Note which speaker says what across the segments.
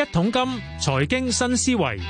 Speaker 1: 一桶金，財經新思維。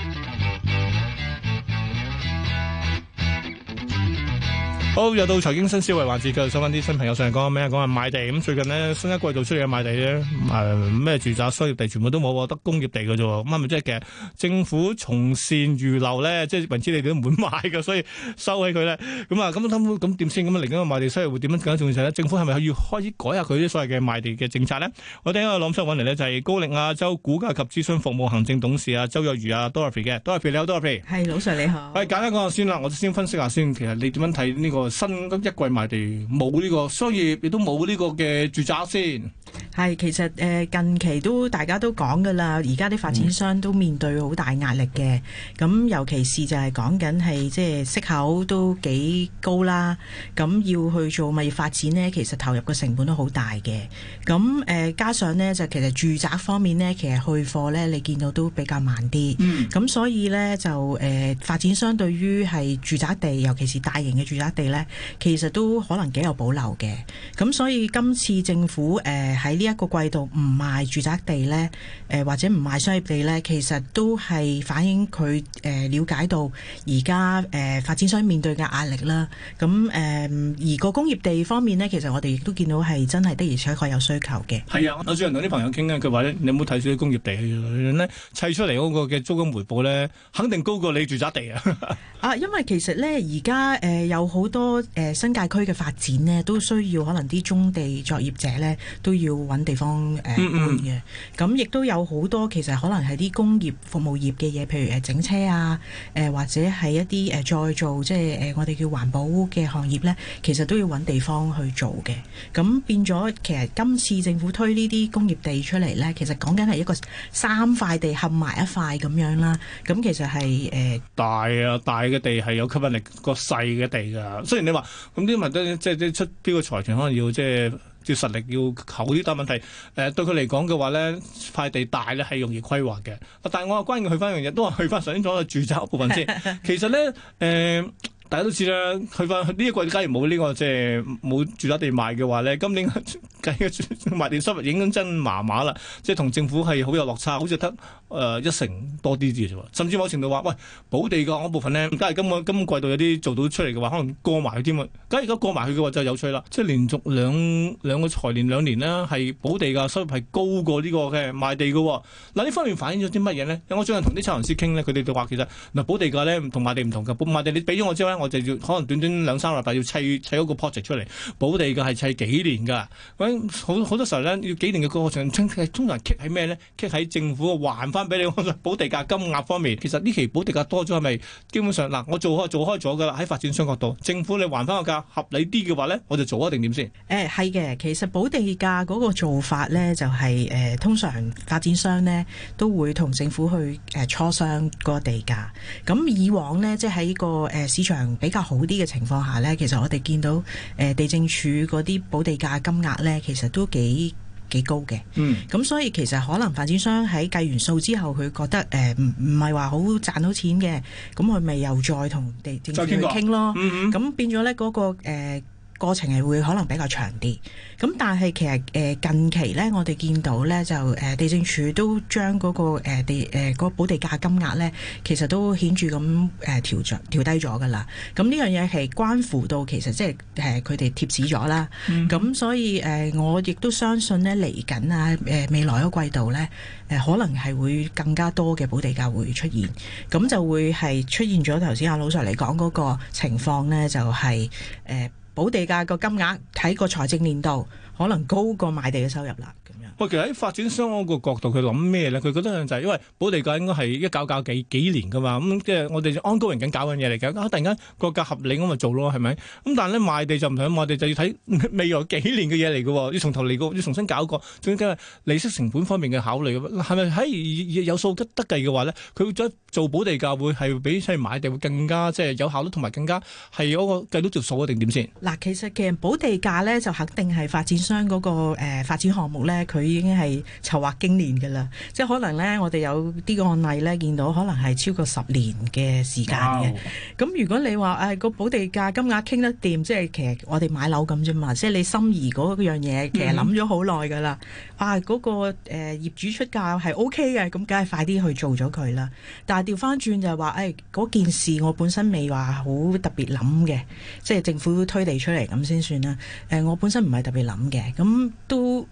Speaker 1: 好又到財經新思維環節，繼續收翻啲新朋友上嚟講咩？講下賣地咁最近呢，新一季度出嚟嘅賣地咧，誒、嗯、咩住宅商業地全部都冇，得工業地嘅啫。咁係咪即係其實政府從善如流咧，即係明知你哋都唔會賣嘅，所以收起佢咧。咁啊，咁咁點先？咁啊，嚟緊個賣地收入會點樣更加重要咧？政府係咪要開始改,改下佢啲所謂嘅賣地嘅政策咧？我聽我諗想搵嚟咧就係、是、高力亞洲股價及諮詢服務行政董事啊周若如啊 Dorothy 嘅，Dorothy 你好，Dorothy
Speaker 2: 係老細你好。喂，
Speaker 1: 簡單講下先啦，我先分析下先，其實你點樣睇呢、這個？新一季賣地冇呢個商業，亦都冇呢個嘅住宅先。
Speaker 2: 係，其實誒、呃、近期都大家都講噶啦，而家啲發展商都面對好大壓力嘅，咁、嗯、尤其是就係講緊係即係息口都幾高啦，咁要去做物業發展呢，其實投入嘅成本都好大嘅，咁誒、呃、加上呢，就其實住宅方面呢，其實去貨呢，你見到都比較慢啲，咁、嗯、所以呢，就誒、呃、發展商對於係住宅地，尤其是大型嘅住宅地呢，其實都可能幾有保留嘅，咁所以今次政府誒、呃喺呢一個季度唔賣住宅地咧，誒、呃、或者唔賣商業地咧，其實都係反映佢誒了解到而家誒發展商面對嘅壓力啦。咁誒、呃、而個工業地方面咧，其實我哋亦都見到係真係的而且確有需求嘅。
Speaker 1: 係啊，我最近同啲朋友傾咧，佢話你唔好睇有冇睇少啲工業地咧砌出嚟嗰個嘅租金回報咧，肯定高過你嘅住宅地啊。
Speaker 2: 啊，因為其實咧而家誒有好多誒、呃、新界區嘅發展咧，都需要可能啲棕地作業者咧都要。要揾地方誒嘅，咁、呃、亦、嗯嗯、都有好多其實可能係啲工業服務業嘅嘢，譬如誒整車啊，誒、呃、或者係一啲誒、呃、再做即係誒、呃、我哋叫環保嘅行業咧，其實都要揾地方去做嘅。咁變咗，其實今次政府推呢啲工業地出嚟咧，其實講緊係一個三塊地合埋一塊咁樣啦。咁其實係誒、呃、
Speaker 1: 大啊，大嘅地係有吸引力，個細嘅地㗎。雖然你話咁啲物質即係即係出邊個財團可能要即係。要實力要求啲、呃，但問題誒對佢嚟講嘅話咧，塊地大咧係容易規劃嘅。但係我話關鍵去翻一樣嘢，都係去翻上咗所嘅住宅部分先。 其實咧誒。呃大家都知啦，去返呢一季假如冇呢、呢個即係冇住宅地賣嘅話咧，今年計嘅 賣地收入影響真麻麻啦，即係同政府係好有落差，好似得誒一成多啲啲嘅啫。甚至某程度話，喂，補地價嘅嗰部分咧，假如今個今個季度有啲做到出嚟嘅話，可能過埋添啊！假如而家過埋去嘅話，就有趣啦。即係連續兩兩個財年兩年咧，係補地價嘅收入係高過呢、呢個嘅賣地嘅、哦。嗱，呢方面反映咗啲乜嘢咧？因為我最近同啲策劃師傾咧，佢哋就話其實嗱，補地價嘅咧同賣地唔同㗎，賣地你俾咗我之後我就要可能短短兩三禮拜要砌砌嗰個 project 出嚟，補地價係砌幾年噶，咁好好多時候咧要幾年嘅過程，通常傾喺咩咧？傾喺政府還翻俾你我保地價金額方面，其實呢期保地價多咗係咪？是是基本上嗱，我做開做開咗噶啦，喺發展商角度，政府你還翻個價合理啲嘅話咧，我就做一定點先？
Speaker 2: 誒、嗯，係嘅，其實保地價嗰個做法咧、就是，就係誒，通常發展商咧都會同政府去誒磋、呃、商嗰個地價。咁以往咧，即係喺個誒、呃、市場。比較好啲嘅情況下呢，其實我哋見到誒、呃、地政署嗰啲補地價金額呢，其實都幾幾高嘅。嗯，咁所以其實可能發展商喺計完數之後，佢覺得誒唔唔係話好賺到錢嘅，咁佢咪又再同地政署傾傾咯。咁、嗯嗯、變咗呢嗰個、呃過程係會可能會比較長啲，咁但係其實誒近期咧，我哋見到咧就誒地政署都將嗰、那個誒地誒嗰補地價金額咧，其實都顯著咁誒調咗調低咗噶啦。咁呢樣嘢係關乎到其實即係誒佢哋貼市咗啦。咁、嗯、所以誒我亦都相信咧，嚟緊啊誒未來嗰季度咧誒可能係會更加多嘅補地價會出現，咁就會係出現咗頭先阿老實嚟講嗰個情況咧、就是，就係誒。土地價個金額睇，個財政年度可能高過賣地嘅收入啦。
Speaker 1: 喂，其實喺發展商嗰個角度，佢諗咩咧？佢覺得就係因為保地價應該係一搞搞幾幾年噶嘛，咁、嗯、即係我哋安高人緊搞緊嘢嚟嘅，啊突然間個價合理咁咪做咯，係咪？咁、嗯、但係咧賣地就唔同，賣地就要睇未來幾年嘅嘢嚟嘅，要從頭嚟過，要重新搞過，仲要加利息成本方面嘅考慮，係咪喺有數吉得計嘅話咧？佢做保地價會係比即係買地會更加即係有效率，同埋更加係嗰個計到條數啊，定點先？
Speaker 2: 嗱，其實其實保地價咧就肯定係發展商嗰個誒發展項目咧，佢。已經係籌劃經年嘅啦，即係可能咧，我哋有啲個案例咧，見到可能係超過十年嘅時間嘅。咁 Wow. 如果你話誒個補地價金額傾得掂，即係其實我哋買樓咁啫嘛。即係你心儀嗰樣嘢，mm hmm. 其實諗咗好耐噶啦。啊，嗰、那個誒、呃、業主出價係 O K 嘅，咁梗係快啲去做咗佢啦。但係調翻轉就係話誒嗰件事，我本身未話好特別諗嘅，即係政府推地出嚟咁先算啦。誒、呃，我本身唔係特別諗嘅，咁都。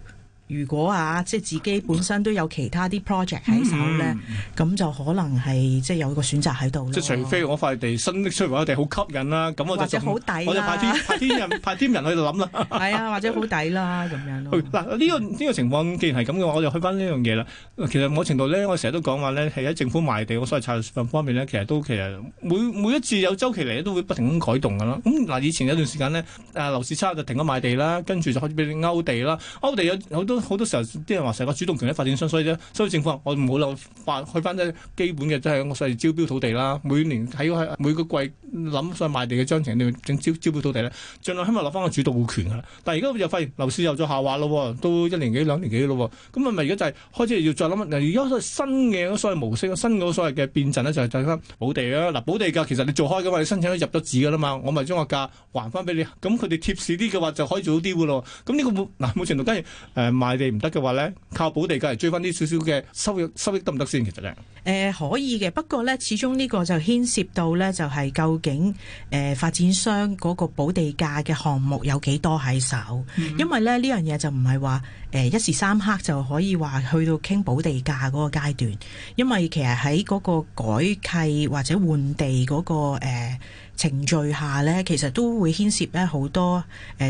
Speaker 2: 如果啊，即係自己本身都有其他啲 project 喺手咧，咁、嗯、就可能係即係有個選擇喺度。即除非
Speaker 1: 我塊地新出的地、啊、我或者好吸引啦，咁我就我就派天 派天人派天人去度諗啦。
Speaker 2: 係 啊，或者好抵啦咁樣 咯。
Speaker 1: 嗱呢、這個呢、這個情況，既然係咁嘅話，我就去翻呢樣嘢啦。其實某程度咧，我成日都講話咧，係喺政府賣地、我所謂拆樓方面咧，其實都其實每每一次有周期嚟都會不停改動㗎啦。咁嗱，以前有一段時間咧，誒、啊、樓市差就停咗賣地啦，跟住就開始俾你勾地啦，勾地有好多。好多時候啲人話成個主動權喺發展商，所以啫，所以政府我唔好留，去翻啲基本嘅，即係我所謂招標土地啦。每年喺每個季諗想，想所賣地嘅章程，你整招招標土地咧，儘量希望落翻個主動權噶啦。但係而家又發現樓市又再下滑咯，都一年幾兩年幾咯，咁啊咪而家就係開始要再諗。而家新嘅所謂模式，新嗰所謂嘅變陣咧，就係睇翻補地啦、啊。嗱補地價，其實你做開嘅話，你申請入咗紙㗎啦嘛，我咪將個價還翻俾你。咁佢哋貼士啲嘅話，就可以做到啲㗎咯。咁呢、這個嗱冇、啊、程度跟住誒賣地唔得嘅話呢，靠補地價嚟追翻啲少少嘅收益，收益得唔得先？其實呢，誒、
Speaker 2: 呃、可以嘅，不過呢，始終呢個就牽涉到呢，就係、是、究竟誒、呃、發展商嗰個補地價嘅項目有幾多喺手，嗯、因為呢呢樣嘢、這個、就唔係話誒一時三刻就可以話去到傾補地價嗰個階段，因為其實喺嗰個改契或者換地嗰、那個誒。呃程序下呢，其實都會牽涉咧好多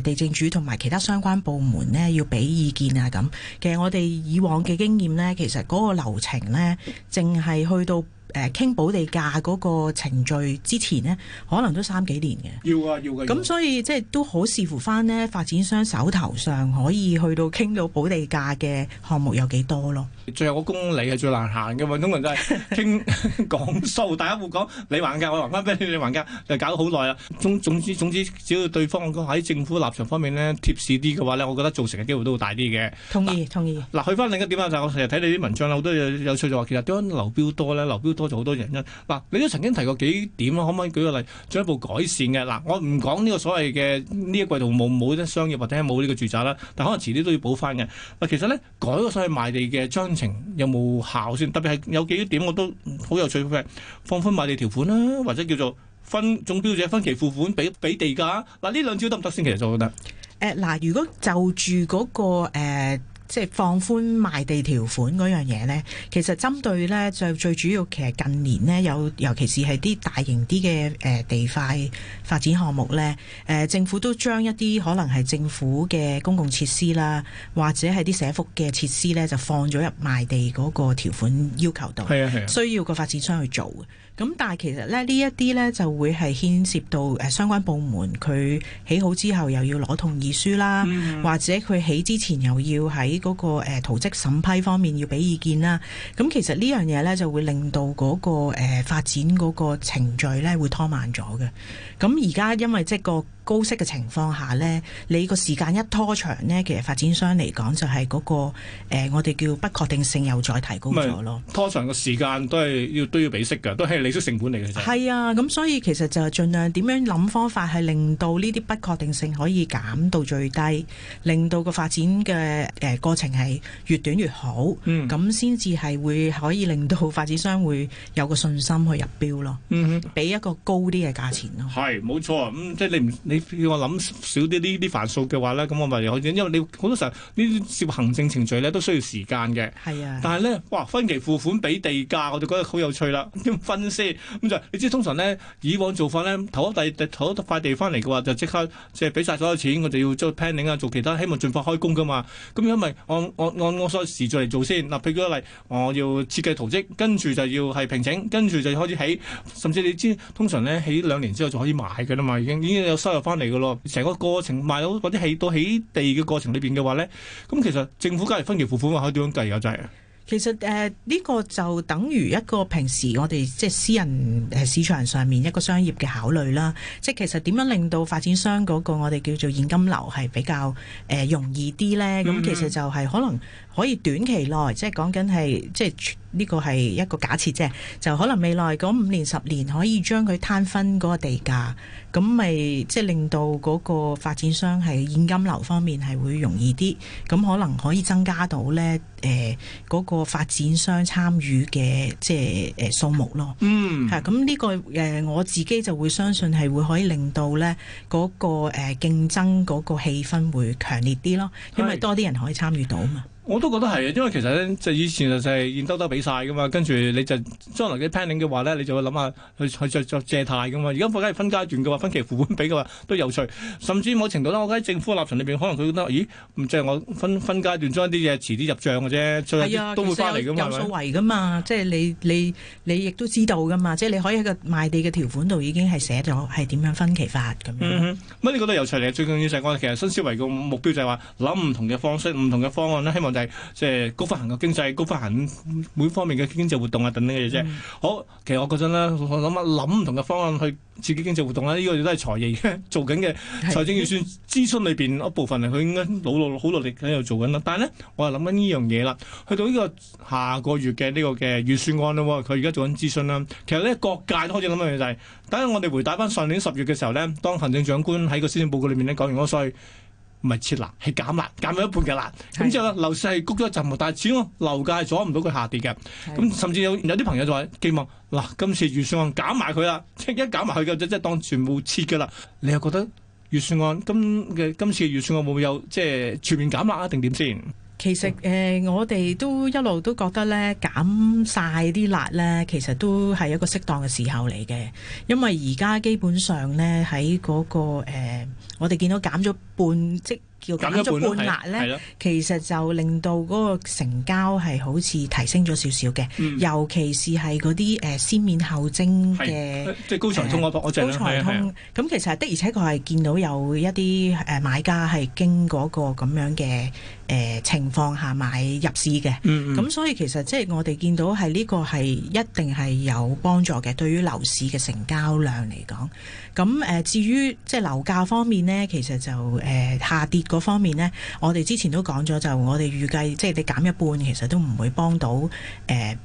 Speaker 2: 地政署同埋其他相關部門呢，要俾意見啊咁。其實我哋以往嘅經驗呢，其實嗰個流程呢，淨係去到。誒傾保地價嗰個程序之前呢，可能都三幾年嘅。
Speaker 1: 要啊，要嘅。咁所
Speaker 2: 以即係都好視乎翻呢發展商手頭上可以去到傾到保地價嘅項目有幾多咯。
Speaker 1: 最後嗰公里係最難行嘅，運動 人就係傾 講數，大家會講你還價，我還翻俾你，你還價，就搞好耐啦。總之總之，只要對方喺政府立場方面呢貼士啲嘅話呢，我覺得做成嘅機會都會大啲嘅。
Speaker 2: 同意同意。
Speaker 1: 嗱啦意，去翻另一點啊，就是，我成日睇你啲文章好多有有趣就話，其實點解流標多咧？流標。多咗好多原因嗱，你都曾經提過幾點啦，可唔可以舉個例進一步改善嘅嗱？我唔講呢個所謂嘅呢一季度冇冇得商業或者冇呢個住宅啦，但可能遲啲都要補翻嘅。嗱，其實咧改個所謂賣地嘅章程有冇效先？特別係有幾點我都好有趣嘅，放寬賣地條款啦，或者叫做分總標者分期付款俾俾地價嗱，呢兩招得唔得先？其實就覺得
Speaker 2: 誒嗱，如果就住嗰個誒。即係放寬賣地條款嗰樣嘢咧，其實針對咧就最主要，其實近年咧有，尤其是係啲大型啲嘅誒地塊發展項目咧，誒、呃、政府都將一啲可能係政府嘅公共設施啦，或者係啲社福嘅設施咧，就放咗入賣地嗰個條款要求度。係啊，係啊需要個發展商去做嘅，咁但係其實咧呢一啲咧就會係牽涉到誒、呃、相關部門佢起好之後又要攞同意書啦，嗯、或者佢起之前又要喺。嗰、那個誒圖則審批方面要俾意見啦，咁其實呢樣嘢呢，就會令到嗰、那個誒、呃、發展嗰個程序呢會拖慢咗嘅。咁而家因為即係個高息嘅情況下呢，你個時間一拖長呢，其實發展商嚟講就係嗰、那個、呃、我哋叫不確定性又再提高咗咯。
Speaker 1: 拖長嘅時間都係要都要俾息嘅，都係利息成本嚟嘅啫。
Speaker 2: 係啊，咁所以其實就係儘量點樣諗方法，係令到呢啲不確定性可以減到最低，令到個發展嘅誒。呃過程係越短越好，咁先至係會可以令到發展商會有個信心去入標咯，俾、嗯、哼一個高啲嘅價錢咯。
Speaker 1: 係冇錯，咁、嗯、即係你唔你叫我諗少啲呢啲繁瑣嘅話咧，咁我咪又可以，因為你好多時候呢啲涉行政程序咧都需要時間嘅。係啊，但係咧，哇分期付款俾地價，我就覺得好有趣啦。咁、嗯、分先？咁、嗯、就，你知通常咧以往做法咧，投第投塊地翻嚟嘅話，就刻即刻即係俾晒所有錢，我哋要做 planning 啊，做其他希望盡快開工㗎嘛。咁因為按按按按個時序嚟做先嗱，譬如舉個例，我要設計圖紙，跟住就要係平整，跟住就要開始起，甚至你知通常咧起兩年之後就可以賣嘅啦嘛，已經已經有收入翻嚟嘅咯。成個過程賣到或者起到起地嘅過程裏面嘅話咧，咁其實政府加嚟分期付款喎，可以點樣計嘅就係、是？
Speaker 2: 其實誒呢、呃這個就等於一個平時我哋即係私人誒市場上面一個商業嘅考慮啦，即係其實點樣令到發展商嗰個我哋叫做現金流係比較、呃、容易啲呢？咁、mm hmm. 其實就係可能可以短期內即係講緊係即係。呢個係一個假設啫，就可能未來嗰五年十年可以將佢攤分嗰個地價，咁咪即係令到嗰個發展商係現金流方面係會容易啲，咁可能可以增加到呢誒嗰、呃嗰個發展商參與嘅即係誒數目咯。嗯、mm.，係咁呢個誒、呃、我自己就會相信係會可以令到呢嗰、嗰個誒競、呃、爭嗰個氣氛會強烈啲咯，因為多啲人可以參與到嘛。
Speaker 1: 我都覺得係啊，因為其實咧，就以前就係現兜兜俾晒噶嘛，跟住你就將來嘅 planning 嘅話呢，你就會諗下去去，去，去借貸噶嘛。而家如果係分階段嘅話，分期付款俾嘅話都有趣，甚至某程度咧，我覺得政府立場裏邊，可能佢覺得，咦，即係我分分階段將一啲嘢遲啲入帳嘅啫，最後呀都會翻嚟噶嘛。有數為
Speaker 2: 噶嘛，嗎嘛，即係你你你亦都知道噶嘛，即係你可以喺個賣地嘅條款度已經係寫咗係點樣分期法咁樣。
Speaker 1: 乜、嗯、你覺得有趣呢，最緊要就係講其實新思維個目標就係話諗唔同嘅方式、唔同嘅方案啦，希望。即係高發行嘅經濟，高發行每方面嘅經濟活動啊，等等嘅嘢啫。嗯、好，其實我嗰陣咧，我諗乜諗唔同嘅方案去刺激經濟活動啊，呢、呢個亦都係財爺做緊嘅財政預算諮詢裏邊一部分，佢應該努力好努力喺度做緊啦。但係咧，我係諗緊呢樣嘢啦，去到呢個下個月嘅呢個嘅預算案啦，佢而家做緊諮詢啦。其實咧，各界都開始諗緊嘢就係、是，等我哋回睇翻上年十月嘅時候咧，當行政長官喺個施政報告裏面咧講完嗰唔係撤辣，係減辣，減咗一半嘅辣。咁之是的 後咧，樓市係谷咗一陣，但係始終樓價係阻唔到佢下跌嘅。咁是的 甚至有有啲朋友就係寄望嗱，今次預算案減埋佢啦，即係一減埋佢嘅，就即係當全部撤嘅啦。你又覺得預算案今嘅今次預算案會唔會有即係全面減辣，定點先？
Speaker 2: 其實誒、呃，我哋都一路都覺得呢，減晒啲辣呢，其實都係一個適當嘅時候嚟嘅，因為而家基本上呢，喺嗰、嗰個、呃、我哋見到減咗半即。要減咗半額咧，其實就令到嗰個成交係好似提升咗少少嘅，嗯、尤其是係嗰啲誒先免後徵嘅，即係高才通嗰我、呃、高才通咁其實的，而且確係見到有一啲誒、呃、買家係經過個咁樣嘅誒、呃、情況下買入市嘅、嗯。嗯咁所以其實即係我哋見到係呢個係一定係有幫助嘅，對於樓市嘅成交量嚟講，咁誒、呃、至於即係樓價方面咧，其實就誒、呃、下跌嗰方面呢，我哋之前都講咗，就我哋預計即係你減一半，其實都唔會幫到誒、呃、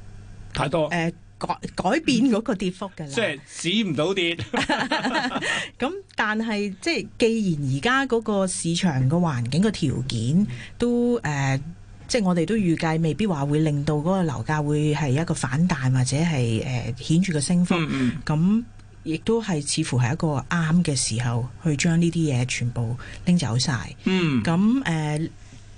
Speaker 2: 太多。誒、呃、改改變嗰個跌幅㗎。 即係
Speaker 1: 止唔到跌。
Speaker 2: 咁但係即係既然而家嗰個市場個環境個條件都誒、呃、即係我哋都預計未必話會令到嗰個樓價會係一個反彈或者係誒顯著嘅升幅。咁、嗯嗯嗯亦都係似乎係一個啱嘅時候，去將呢啲嘢全部拎走晒。嗯。咁誒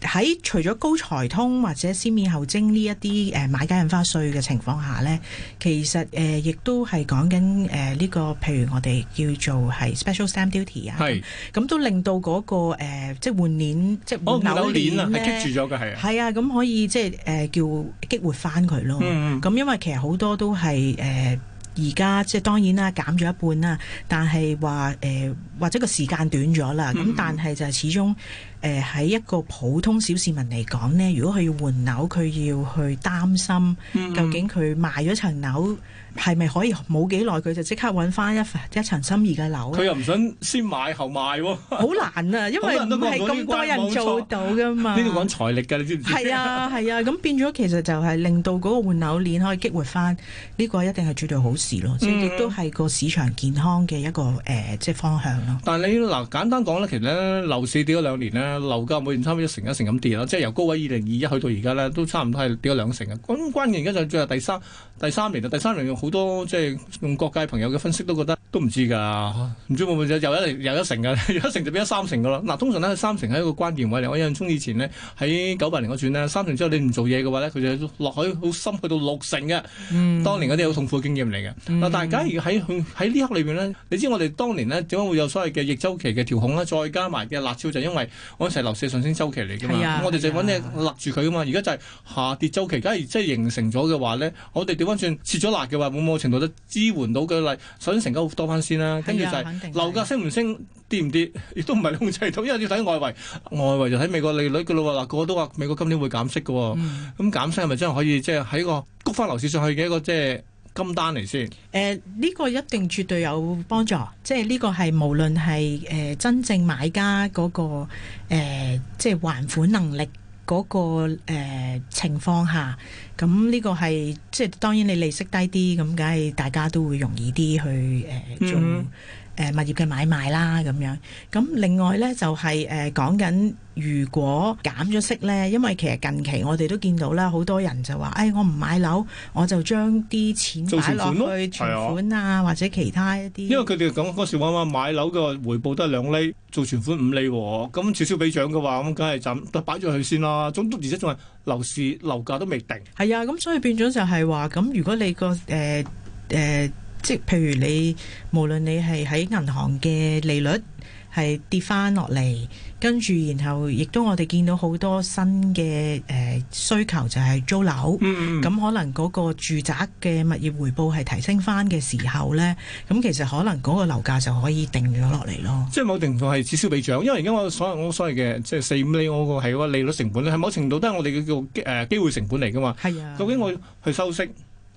Speaker 2: 喺除咗高財通或者先免後徵呢一啲誒買家印花稅嘅情況下咧，其實、呃、亦都係講緊、呃、呢個，譬如我哋叫做係 special stamp duty 係啊。咁都令到嗰個即係換鏈，即係換扭鏈咧。激住咗嘅係。係啊，咁可以即係、呃、叫激活翻佢咯。咁、嗯、因為其實好多都係誒。呃而家即係當然啦，減咗一半啦，但係話誒，或者個時間短咗啦，咁、嗯嗯、但係就係始終。誒喺、呃、一個普通小市民嚟講呢，如果佢要換樓，佢要去擔心究竟佢賣咗層樓係咪可以冇幾耐佢就即刻揾翻一一層心儀嘅樓？佢又唔
Speaker 1: 想先買後賣喎。好難啊，因為唔係咁多人做到噶嘛。呢度講財力㗎，你知唔知？係啊
Speaker 2: 係啊，咁、啊、變咗其實就係令到嗰個換樓鏈可以激活翻呢、這個，一定係絕對好事咯。即亦都係個市場健康嘅一個誒、呃，即方向咯。
Speaker 1: 但係你嗱、呃、簡單講咧，其實咧樓市跌咗兩年咧。樓價每年差唔多一成一成咁跌啦，即係由高位二零二一去到而家咧，都差唔多係跌咗兩成嘅。咁關鍵而家嘅就最後第三。第三年第三年、就是，用好多即係用各界朋友嘅分析都覺得都唔知㗎，唔知會唔會有有一成嘅，有一成就變咗三成嘅啦。嗱、啊，通常咧三成係一個關鍵位嚟。我印象中以前咧喺九八年嗰轉咧，三成之後你唔做嘢嘅話咧，佢就落海好深，去到六成嘅。嗯，當年嗰啲好痛苦嘅經驗嚟嘅，嗯啊。但係假如喺喺呢刻裏邊咧，你知我哋當年咧點解會有所謂嘅逆周期嘅調控咧？再加埋嘅辣招就是，因為我哋係樓市上升周期嚟㗎嘛，啊啊、我哋就揾嘢壓住佢㗎嘛。而家就係下跌周期，假如即係形成咗嘅話咧，我哋溫順切咗辣嘅話，冇冇程度都支援到嘅嚟，想成交多翻先啦。跟住的就係、肯定。樓價升唔升跌唔跌，亦的都唔係控制到，因為要睇外圍。外圍就睇美國利率嘅咯。嗱，個個都話美國今年會減息嘅。咁減、嗯、息係咪真係可以，即係喺個谷翻樓市上去嘅一個即係、就是、金單嚟先？
Speaker 2: 誒、呃、呢、這個一定絕對有幫助，即係呢個係無論係誒真正買家嗰、那個誒、呃、即係還款能力。嗰個誒情況下，咁呢個係即係當然，你利息低啲，咁梗係大家都會容易啲去誒做。呃誒物業嘅買賣啦咁樣，咁另外咧就係誒講緊，如果減咗息咧，因為其實近期我哋都見到啦，好多人就話，誒、哎、我唔買樓，我就將啲錢擺落去款、啊、存款啊，啊或者其他一啲。
Speaker 1: 因為佢哋講嗰時話買樓樓嘅回報得兩厘，做存款五厘喎、啊，咁此消彼長嘅話，咁梗係就擺咗去先啦，總之而且仲係樓市樓價都未定。
Speaker 2: 係啊，咁所以變咗就係話，咁如果你個誒誒。欸欸即譬如你，無論你係喺銀行嘅利率係跌翻落嚟，跟住然後亦都我哋見到好多新嘅、呃、需求，就係租樓。咁、嗯、可能嗰個住宅嘅物業回報係提升翻嘅時候呢，咁其實可能嗰個樓價就可以定咗落嚟咯。
Speaker 1: 即係冇定係至少俾漲，因為而家我所我所謂嘅即係四五厘嗰個係個利率成本係某程度都係我哋嘅叫誒機會成本嚟噶嘛。係、啊、究竟我去收息？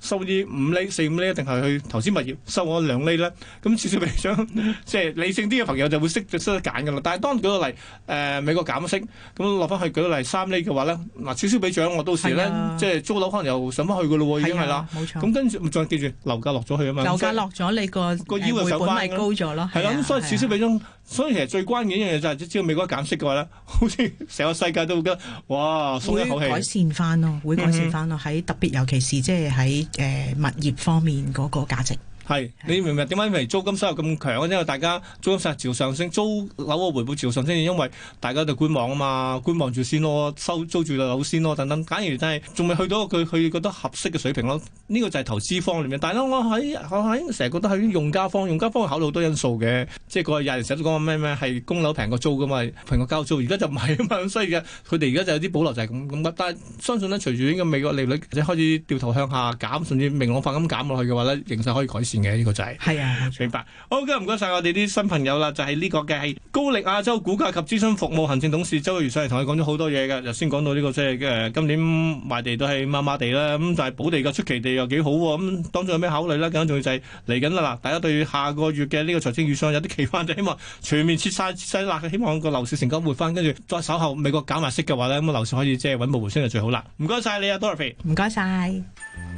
Speaker 1: 收啲五厘、四五厘，一定係去投資物業收我兩厘咧？咁少少俾獎，即係理性啲嘅朋友就會識識得揀噶啦。但係當舉個例，誒、呃、美國減息，咁落翻去舉個例三厘嘅話咧，嗱少少俾獎，我到時咧、啊、即係租樓可能又上翻去噶咯喎，已經係啦。冇、啊、錯。咁跟住，再記住樓價落咗去啊嘛。樓價落
Speaker 2: 咗，你個個腰嘅手板咪高咗咯？係啦，咁所
Speaker 1: 以少少俾獎。所以其實最關鍵嘅嘢就係只要美國減息嘅話咧，好似成個世界都會覺得哇，鬆一口氣。改善
Speaker 2: 翻咯，會改善翻咯，喺、嗯、特別尤其是即係喺誒物業方面嗰個價值。
Speaker 1: 係，你明唔明？點解因為租金收入咁強？因為大家租金實持朝上升，租樓嘅回報朝上升，因為大家就度觀望啊嘛，觀望住先咯，收租住樓先咯，等等。假如真係仲未去到佢佢覺得合適嘅水平咯，呢、這個就係投資方面嘅。但係我喺成日覺得喺用家方，用家方考慮好多因素嘅。即係個廿年前都講咩咩係供樓平過租噶嘛，平過交租。而家就唔係啊嘛，所以嘅佢哋而家就有啲保留就係咁咁但係相信咧，隨住呢個美國利率開始掉頭向下減，甚至明朗化咁減落去嘅話咧，形勢可以改善。嘅呢個就係、是、係啊，明白。OK，唔該晒，我哋啲新朋友啦，就係、是、呢個嘅係高力亞洲估價及諮詢服務行政董事周如上嚟同你講咗好多嘢嘅，頭先講到呢、這個即係誒今年賣地都係麻麻地啦，咁但係補地價出奇地又幾好喎，咁、嗯、當中有咩考慮咧？咁仲就係嚟緊啦嗱，大家對下個月嘅呢個財政預算有啲期望就希望全面撤晒啲辣嘅，希望個樓市成交活翻，跟住再稍後美國減埋息嘅話咧，咁樓市可以即係穩步回升就最好啦。唔該晒你啊，Dorothy
Speaker 2: 唔該晒。Dorothy 謝謝